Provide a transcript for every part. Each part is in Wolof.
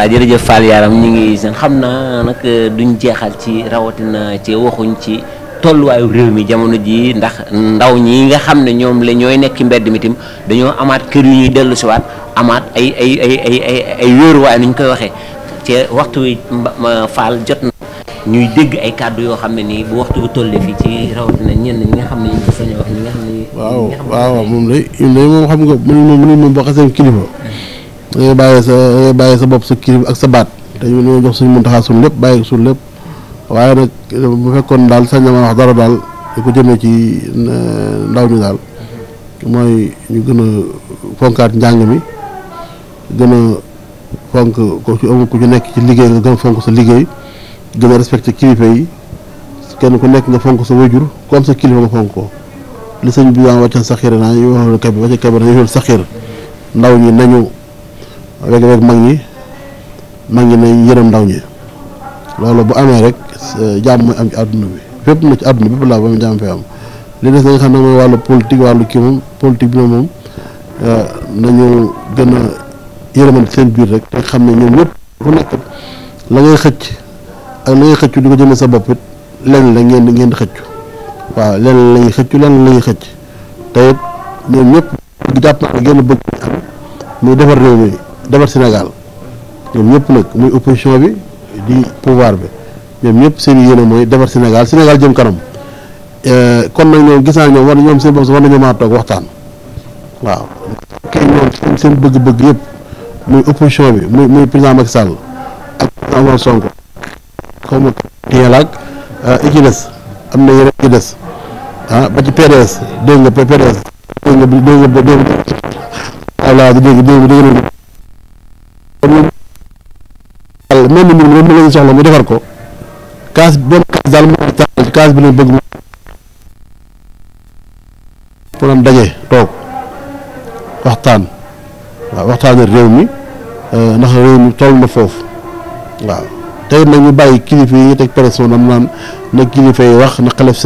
waaw jërëjëf Fall Yaram ñu ngi seen xam naa nag euh, duñ jeexal ci rawatina ci waxuñ ci tolluwaayu réew mi jamono jii ndax ndaw ñi nga xam ne ñoom la ñooy nekk mbedd mi tam dañoo amaat kër yu ñuy dellu siwaat amaat ay ay ay ay ay ay wéeruwaay nu ñu koy waxee ci waxtu wi Fall jot na ñuy dégg ay kàddu yoo xam ne nii bu waxtu bi tollee fii ci rawatina ñenn ñi nga xam ne ñu ngi sañ wax ñi nga xam ne. waaw waaw moom lay moom xam nga mënuñ ma mënuñ ma bokk seen kilifa. ngay bàyyi sa bàyyi sa bopp sa kii ak sa baat te ñu ñoo jox suñu muntaxaa suñu lépp bàyyi suñu lépp waaye nag bu fekkoon daal sañ na wax dara daal di ko jëmee ci ndaw ñi daal mooy ñu gën a fonkaat njàng mi gën a fonk ko ci amul ku ci nekk ci liggéey nga gën fonk sa liggéey gën a respecté kilifa yi kenn ku nekk nga fonk sa wajur ku am sa kilifa nga fonk ko li sëñ bi daan wàccan saxiir naa ñu waxoon kabir wàcce kabir nañu saxiir ndaw ñi nañ léeg-léeg mag ñi mag ñi nañ yërëm ndaw ñi loolu bu amee rek jàmm mooy am ci àdduna bi fépp na ci àdduna bi bépp laa ba mu jàmm fee am li des na nga xam ne mooy wàllu politique wàllu kii moom politique bi moom euh, nañu gën a yërëmante seen biir rek te xam ne ñoom ñëpp ku nekk la ngay xëcc ak la ngay xëccu di ko jëmee sa bopp it lenn la ngeen ngeen di xëccu waaw lenn la ñuy xëccu lenn la ñuy xëcc te it ñoom ñëpp jàpp naa ne bëgg muy defar réew mi defar Sénégal ñoom ñëpp nag muy opposition bi di pouvoir bi ñoom ñëpp seen yéene mooy defar Sénégal Sénégal jëm kanam kon nag ñoom gis naa ñoom war ñoom seen bopp war nañoo maa toog waxtaan waaw. kay ñoom seen bëgg-bëgg yëpp muy opposition bi muy muy président Macky Sall ak président Sonko des am na yeneen ci des ah ba ci PDS dégg nga PDS dégg nga dégg nga dégg nga dégg nga dégg daal mel ni mbir mi moom la ñu mu defar ko kaas benn kaas daal moo taxal daje toog waxtaan waaw waxtaanee réew mi euh, ndax réew mi toll na foofu waaw tey nag ñu bàyyi kilifa yi teg pression nam naan na kilifa yi wax na xalif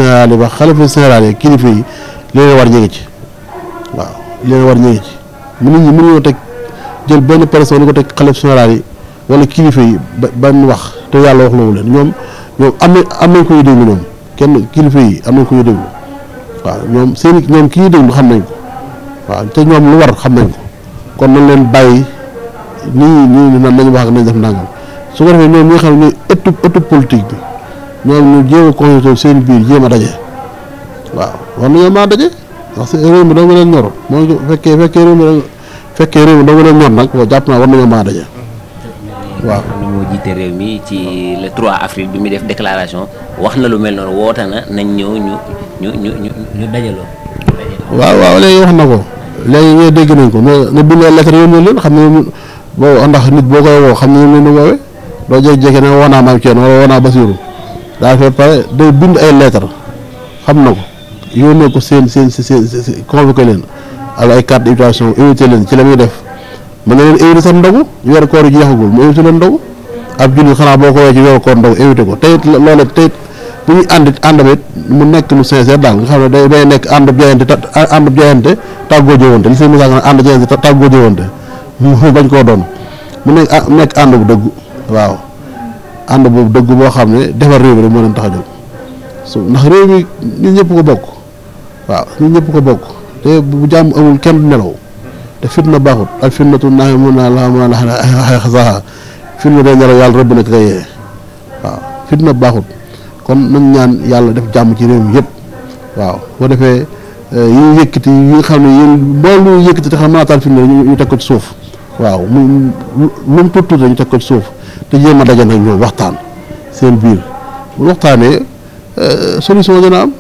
général yi yi kilifa yi leen war ñu ngi ci waaw leen war ñu ngi ci mënuñu mënuñoo teg jël benn personne ko teg xalif général yi. wala kilifa yi ba mu wax te yàlla wax loolu leen ñoom ñoom am na am nañ ko ñu déglu kenn kilifa yi am nañ ko ñu déglu waaw ñoom ki ñu déglu xam nañ ko waaw te ñoom lu war xam nañ kon nañ leen bàyyi nii nii nan nañ wax ak nañ def ndàngam su ko defee ñoom ñi nga xam ne ñooy ëttu ëttu politique bi ñoom ñu jéem a consulté seen biir a daje waaw war nañoo maa daje ndax si réew mi doo nga leen ñor mooy fekkee fekkee réew mi jàpp naa war nañoo maa daje waaw ni moo jiite réew mi ci le 3 avril bi muy def déclaration wax na lu mel noonu woote na nañ ñëw ñu ñu ñu ñu ñu dajaloo. waaw waaw léegi wax na ko léegi ñooy dégg nañ ko mais nga bindoo lettre yónnee leen xam ne boo ndax boo koy xam ne ñoom la ñu woowee doo jékki-jékki ne woo naa maam Thierno wala woo naa Basiirou daa pare day bind ay lettre xam na ko yónnee ko seen seen seen convoqué leen ak ay carte d'invitation invité ci la muy def. mën na leen éviter seen ndogu weeru koor jeexagul mu éviter leen ndogu ab jullit xanaa boo ko wee ci weeru koor ndogu éviter ko teyit loole teyit bu ñuy ànd àndam mu nekk lu sincère daal nga xam ne day day nekk àndub jaayante àndub jaayante tàggoo jëwante li seen misaal nga ànd jaayante tàggoo jëwante mu bañ koo doon mu nekk nekk ànd bu dëgg waaw ànd boobu dëgg boo xam ne defar réew mi rek moo leen tax a jóg su ndax réew mi ñun ñëpp ko bokk waaw ñun ñëpp ko bokk te bu jàmm amul kenn du nelaw te fitna baaxut ak fitnatu naax mun naa la ma la saxaa fitna day nelaw yàlla rëbb na ko koy yee waaw fitna baaxut kon nañ ñaan yàlla def jàmm ci réew mi yëpp waaw boo defee eh, yi ñu yëkkati yi xam ne yéen boo lu yëkkati te xam mën a taal fitna ñu teg ko ci suuf waaw mu lu mu tuut tuut ñu teg ko suuf te jéem a daje nag ñoom waxtaan seen biir bu waxtaanee eh, solution dina am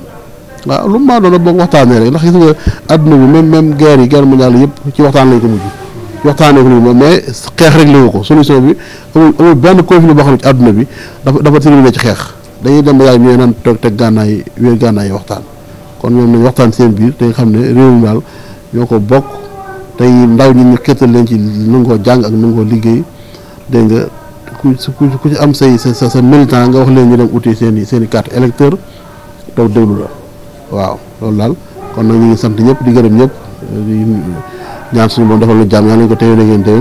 waaw lu mu maa doon boog waxtaanee rek ndax gis nga àdduna bi même même guerre yi guerre mondiale yëpp ci waxtaan lañ ko mujj waxtaanee ko ma mais xeex rek léwu ko solution bi amul amul benn conflit boo xam ne ci adduna bi dafa dafa terminé ci xeex dañuy dem ba yaay ñooy naan toog teg gànnaay wéer gànnaay waxtaan kon ñoom nañ waxtaan seen biir te xam ne réew mi daal ñoo ko bokk tey ndaw ñi ñu xettal leen ci nangoo jàng ak nangoo liggéey dégg nga ku ci ku ci am say sa sa militant nga wax leen ñu dem uti seen i seen i carte électeur toog la waaw loolu daal kon nag ñu ngi sant ñëpp di gërëm ñëpp di ñaan suñu moom defal lu jàmm yàlla ñu ko téye na ngeen téye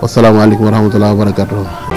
wasalaamaaleykum wa rahmatulah wa barakatuh